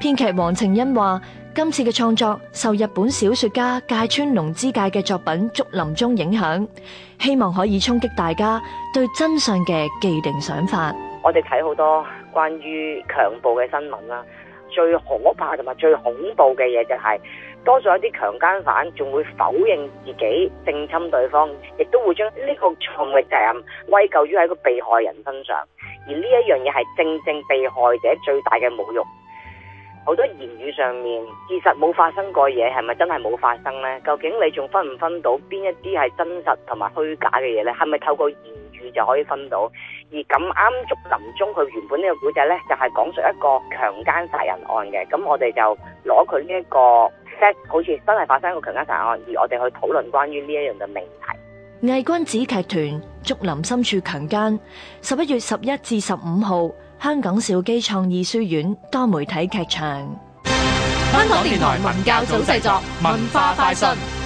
編劇黃晴恩話：今次嘅創作受日本小說家芥川龍之介嘅作品《竹林中》影響，希望可以衝擊大家對真相嘅既定想法。我哋睇好多關於強暴嘅新聞啦，最可怕同埋最恐怖嘅嘢就係、是，多咗一啲強姦犯仲會否認自己性侵對方，亦都會將呢個重嘅責任歸咎於喺個被害人身上，而呢一樣嘢係正正被害者最大嘅侮辱。好多言語上面，事實冇發生過嘢，係咪真係冇發生呢？究竟你仲分唔分到邊一啲係真實同埋虛假嘅嘢咧？係咪透過言語就可以分到？而咁啱竹林中佢原本呢個古仔呢，就係講述一個強姦殺人案嘅。咁我哋就攞佢呢一個 set，好似真係發生一個強姦殺人案，而我哋去討論關於呢一樣嘅命題。魏君子劇團《竹林深處強姦》，十一月十一至十五號。香港兆基創意書院多媒體劇場，香港電台文教組製作文化快訊。